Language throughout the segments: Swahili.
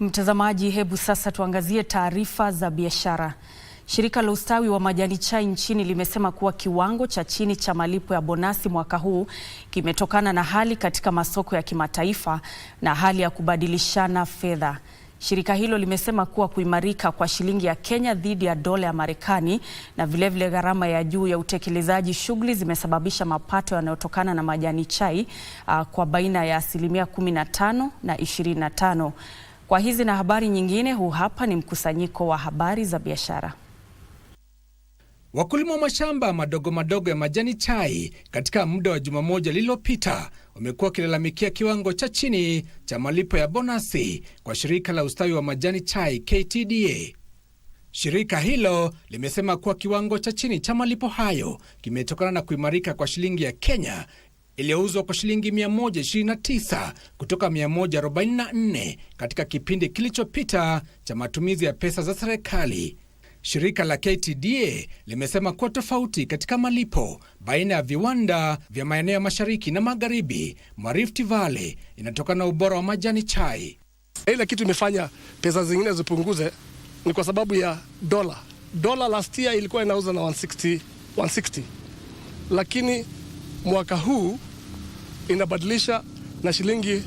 Mtazamaji, hebu sasa tuangazie taarifa za biashara. Shirika la ustawi wa majani chai nchini limesema kuwa kiwango cha chini cha malipo ya bonasi mwaka huu kimetokana na hali katika masoko ya kimataifa na hali ya kubadilishana fedha. Shirika hilo limesema kuwa kuimarika kwa shilingi ya Kenya dhidi ya dola ya Marekani na vilevile gharama ya juu ya utekelezaji shughuli zimesababisha mapato yanayotokana na majani chai uh, kwa baina ya asilimia 15 na 25. Kwa hizi na habari nyingine, huu hapa ni mkusanyiko wa habari za biashara. Wakulima wa mashamba madogo madogo ya majani chai katika muda wa juma moja lililopita wamekuwa wakilalamikia kiwango cha chini cha malipo ya bonasi kwa shirika la ustawi wa majani chai KTDA. Shirika hilo limesema kuwa kiwango cha chini cha malipo hayo kimetokana na kuimarika kwa shilingi ya Kenya iliyouzwa kwa shilingi 129 kutoka 144 katika kipindi kilichopita cha matumizi ya pesa za serikali. Shirika la KTDA limesema kuwa tofauti katika malipo baina ya viwanda vya maeneo ya mashariki na magharibi mwa Rift Valley inatokana na ubora wa majani chai. Ile kitu imefanya pesa zingine zipunguze ni kwa sababu ya dola. Dola last year ilikuwa inauza na 160, 160. Lakini mwaka huu inabadilisha na shilingi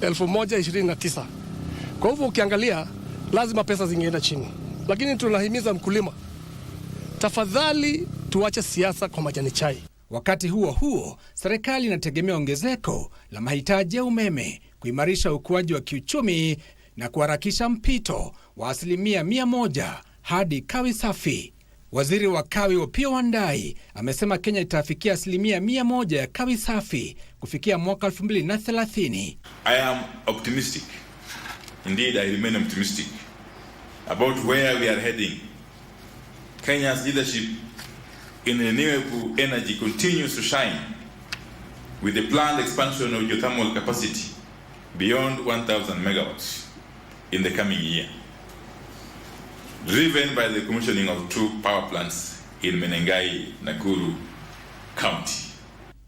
1129 Kwa hivyo ukiangalia, lazima pesa zingeenda chini, lakini tunahimiza mkulima, tafadhali tuache siasa kwa majani chai. Wakati huo huo, serikali inategemea ongezeko la mahitaji ya umeme kuimarisha ukuaji wa kiuchumi na kuharakisha mpito wa asilimia 1 hadi kawi safi. Waziri wa kawi Opiyo Wandayi amesema Kenya itafikia asilimia mia moja ya kawi safi kufikia mwaka 2030. I am optimistic. Indeed, I remain optimistic about where we are heading. Kenya's leadership in renewable energy continues to shine with the planned expansion of geothermal capacity beyond 1000 megawatts in the coming year driven by the commissioning of two power plants in Menengai, Nakuru County.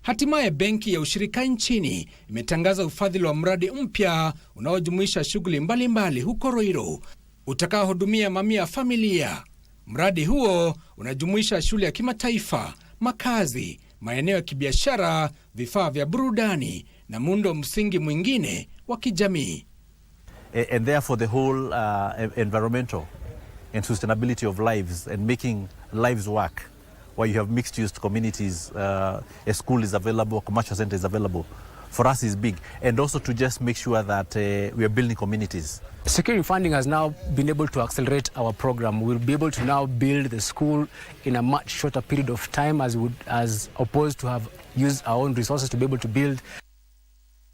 Hatimaye benki ya ushirika nchini imetangaza ufadhili wa mradi mpya unaojumuisha shughuli mbalimbali huko Roiro utakaohudumia mamia ya familia. Mradi huo unajumuisha shule ya kimataifa, makazi, maeneo ya kibiashara, vifaa vya burudani na muundo msingi mwingine wa kijamii. And therefore the whole uh, environmental and sustainability of lives and making lives work where you have mixed use communities, uh, a school is available, a commercial center is available. For us is big and also to just make sure that uh, we are building communities. Securing funding has now been able to accelerate our program. We'll be able to now build the school in a much shorter period of time as, would, as opposed to have used our own resources to be able to build